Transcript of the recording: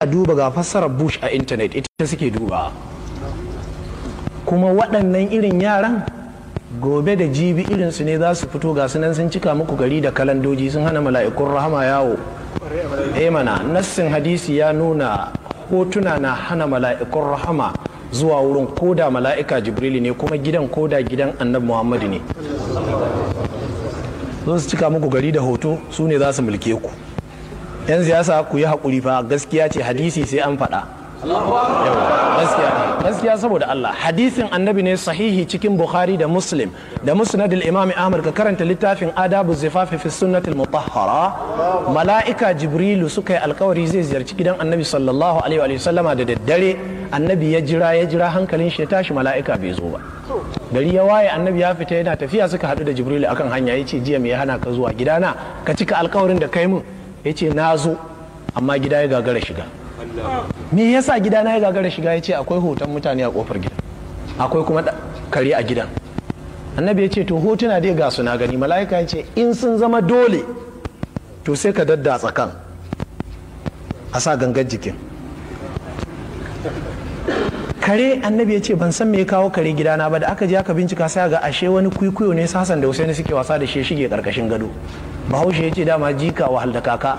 a duba ga fassarar bush a intanet ita suke duba kuma waɗannan irin yaran gobe da jibi irinsu ne za su fito ga sunan sun cika muku gari da kalandoji sun hana mala'ikun rahama yawo emana eh nassin hadisi ya nuna hotuna na hana mala'ikun rahama zuwa wurin koda mala'ika jibrili ne kuma gidan koda gidan annabi muhammadu ne zo su cika muku gari da hoto su ne za su mulke ku yan siyasa ku yi haƙuri fa gaskiya ce hadisi sai an faɗa gaskiya saboda Allah hadisin annabi ne sahihi cikin Bukhari da Muslim da musnadil imami imam Ahmad ka karanta littafin Adabu Zifafi fi Sunnatil Mutahhara mala'ika Jibrilu suka yi alkawari zai ziyarci gidan Annabi sallallahu alaihi wa sallama da daddare Annabi ya jira ya jira hankalin shi ya tashi mala'ika bai zo ba gari ya waye Annabi ya fita yana tafiya suka haɗu da Jibrilu akan hanya ya ce jiya me ya hana ka zuwa gidana ka cika alkawarin da kai mun ya ce na zo amma gida ya gagara shiga me yasa gida na ya gagara shiga ya ce akwai hoton mutane a kofar gida akwai kuma kare a gidan annabi ya ce to hotuna dai ga suna gani mala'ika ya ce in sun zama dole to sai ka daddatsa kan a sa gangan jikin kare annabi ya ce ban san me ya kawo kare gidana ba da aka je aka bincika sai ga ashe wani kwikwiyo ne sasan da Husaini suke wasa da shi shige karkashin gado bahaushe ya ce dama jika wahal da kaka